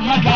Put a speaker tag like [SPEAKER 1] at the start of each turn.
[SPEAKER 1] Mecca.